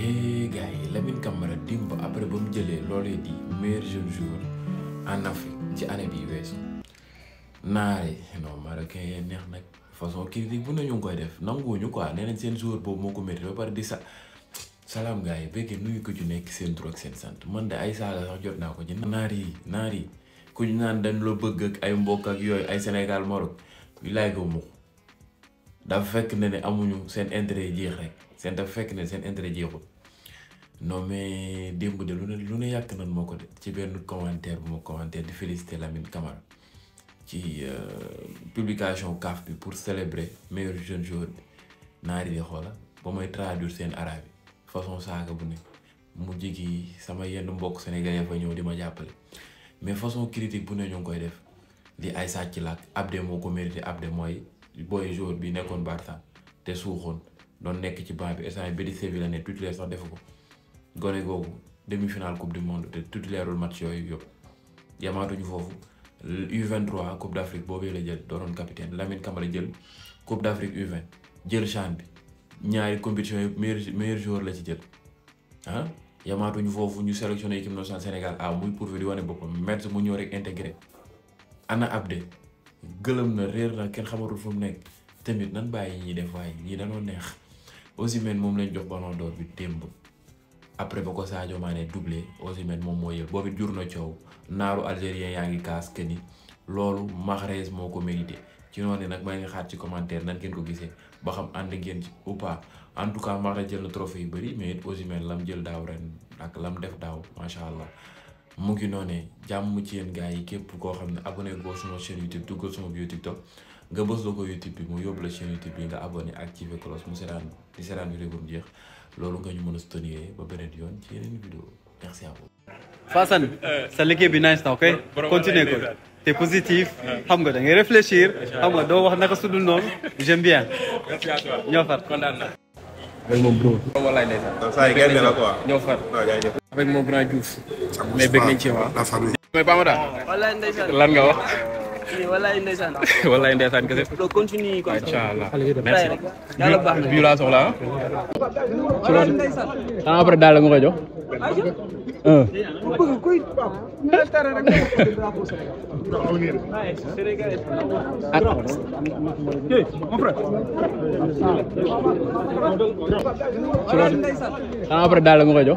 eh gars yi Lamine Camara démb après ba mu jëlee loolee di meilleur jeune joueur en ci année bi weesu naare non Marocain yee neex nag façon kii critique bu nañu ngi koy def nanguwuñu quoi nee nañ seen joueur boobu moo ko métti ba pare di sa salaam gaa yi béykat nuyu ko ci nekk seen tur seen sant man de ay saala sax jot naa ko ci naar yi naar yi ku ñu naan dañ loo bëgg ak ay mbokk ak yooyu ay Sénégal Maroc yu laay mukk dafa fekk ne ne amuñu seen intérêt jeex rek seen dafa fekk ne seen intérêt jeexul non mais démb de lu ne lu ne yàq nan moo ko de ci benn commentaire bu ma commentaire di féliciter Lamine Camara ci euh, publication CAF bi pour célébrer meilleur jeunes joueur bi yi di xoola ba may traduire seen arabe yi façon saaka bu ne mu jigi sama yenn mbokk sénégalais fa ñëw di ma jàppale mais façon critique bu ne ñu ngi koy def di ay sàcc làkk Abdé moo ko mérité mooy booy joueur bi nekkoon Barça te suuxoon doon nekk ci banc bi instant Betis Séville la ne titulaire sax defu ko gone googu demi-finale coupe du monde te titulaireul match yooyu yëpp yamaatuñu foofu U23 coupe d'Afrique boobee la jël doonoon capitaine Lamine Camara jël coupe d'Afrique U20 jël CHAN bi ñaari compétition yëpp meilleur meilleur joueur la ci jël ah yamaatuñu foofu ñu sélectionné équipe nationale Sénégal a muy pourvu di wane boppam Metz mu ñëw rek intégré Ana Abdé gëlëm na réer na kenn xamatul fu mu nekk tamit nan bàyyi ñi def waaye ñii danoo neex Osimhen moom lañ jox ballon d'or bi démb après ba ko Sadio Mané doublé Osimhen moom moo yël boobu jur na coow naaru algérien yaa ngi kaas que ni loolu Mahrez moo ko mérité ci noonu nag maa ngi xaat ci commentaire nan ngeen ko gisee ba xam ànd ngeen ci ou pas en tout cas Mahrez jël na trophée yu bëri mais it Osimhen lam jël daaw ren ak lam def daaw macha allah. mu ngi noonee jàmm ci yéen gars yi képp koo xam ne abonné goo suma chaîne YouTube duggal suma bio TikTok nga bës ko YouTube bi mu yóbbu la chaîne YouTube bi nga abonné activé cloche mu seetaan di seetaan vidéo mu jeex a ci yeneen vidéo merci à sa liggéey bi nice na ok continue ko te positif xam nga da ngay réfléchir xam nga doo wax naka sudul noonu j'aime bien ñoo ñoo far. avec mon grand ci waaw. mais Bamada. walaay lan nga wax. walaay ndeysaan. walaay ndeysaan kese. donc continue quoi. ah. ci daal la nga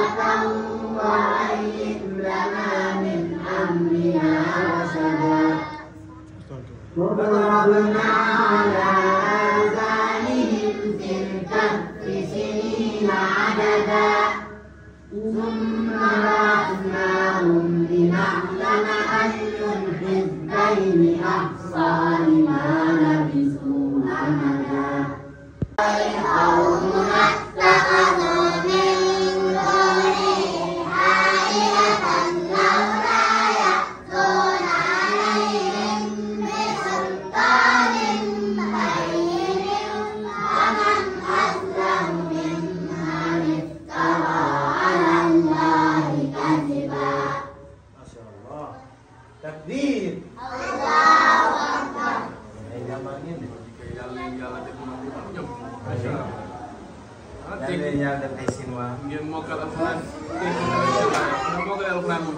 وأيد لنا من أمرنا رشدا وضربنا على آذانهم في الكهف سنين عددا ثم بعثناهم لنعلم أي الحزبين أحصى لما لبثوا أمدا القوم اتخذوا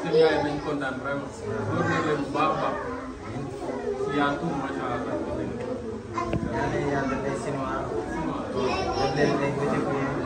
seen yaay dañ kontaan vraiment loolu mooy leen bu baax baax yaa tuur macha allah. yaa ngi lay yàlla day sinuwaat. daf leen day gëj a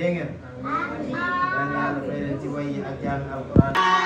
dégg ngeen yal na yàlla fay leen ci way yi ak jàng alquran